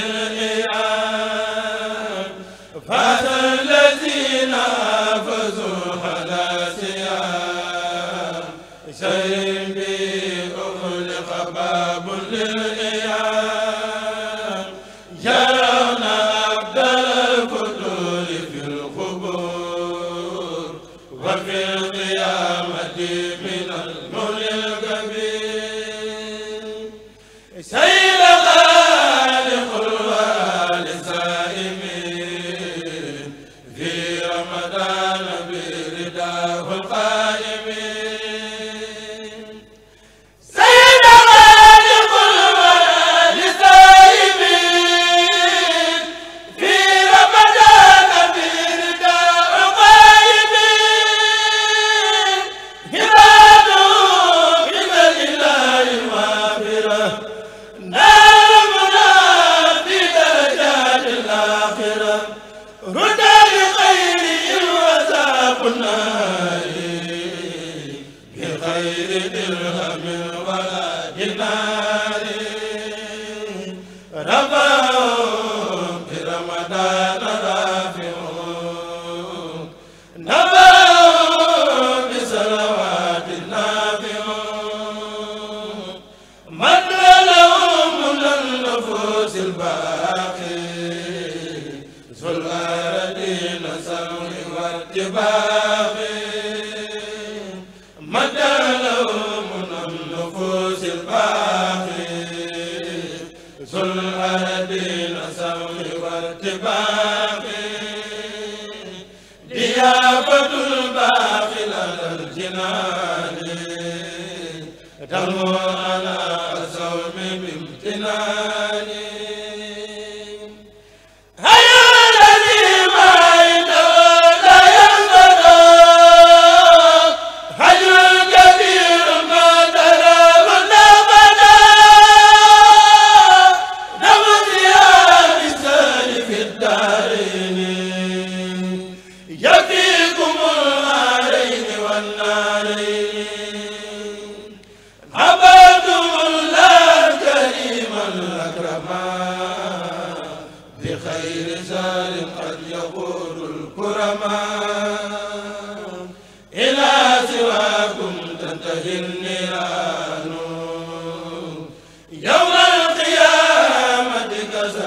la ba dal moo ana asaw mi bimtina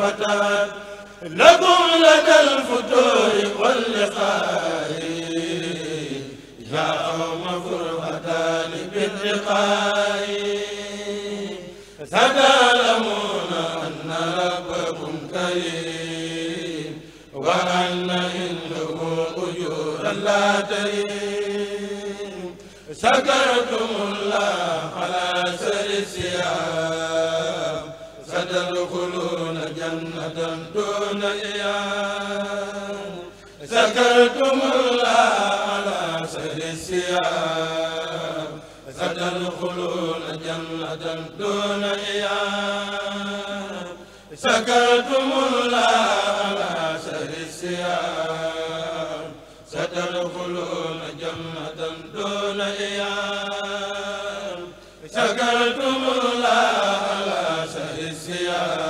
فتات لكم لدى الفتور واللقاء يا قوم فرقتان باللقاء ستعلمون أن ربكم كريم وأن عنده أجورا لا تريم سكرتم الله على سر السيام ستدخلون جنة دون إياه ذكرتم الله على سهل السياب ستدخلون جنة دون إياه ذكرتم الله على سهل السياب ستدخلون جنة دون إياه ذكرتم الله على سهل السياب